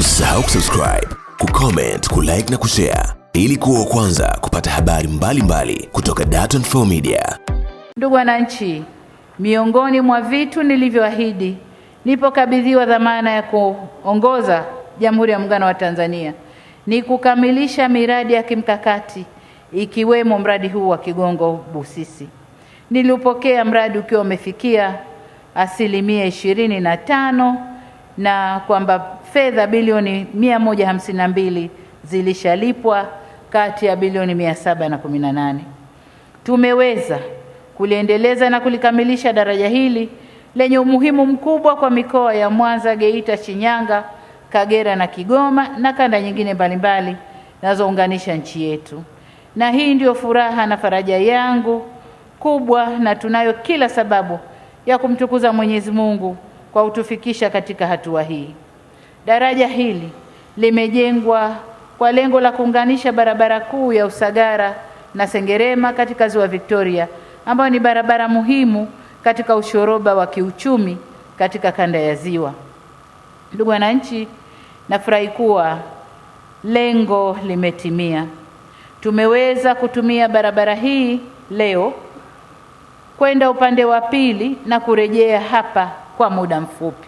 Usisahau kusubscribe, kucomment, kulike na kushare ili kuwa kwanza kupata habari mbalimbali mbali kutoka Dar24 Media. Ndugu wananchi, miongoni mwa vitu nilivyoahidi nipokabidhiwa dhamana ya kuongoza Jamhuri ya Muungano wa Tanzania ni kukamilisha miradi ya kimkakati ikiwemo mradi huu wa Kigongo Busisi. Niliupokea mradi ukiwa umefikia asilimia ishirini na tano na kwamba fedha bilioni 152 zilishalipwa kati ya bilioni 718. Tumeweza kuliendeleza na kulikamilisha daraja hili lenye umuhimu mkubwa kwa mikoa ya Mwanza, Geita, Shinyanga, Kagera na Kigoma na kanda nyingine mbalimbali zinazounganisha nchi yetu. Na hii ndiyo furaha na faraja yangu kubwa, na tunayo kila sababu ya kumtukuza Mwenyezi Mungu kwa kutufikisha katika hatua hii. Daraja hili limejengwa kwa lengo la kuunganisha barabara kuu ya Usagara na Sengerema katika Ziwa Victoria, ambayo ni barabara muhimu katika ushoroba wa kiuchumi katika kanda ya Ziwa. Ndugu wananchi, nafurahi kuwa lengo limetimia. Tumeweza kutumia barabara hii leo kwenda upande wa pili na kurejea hapa kwa muda mfupi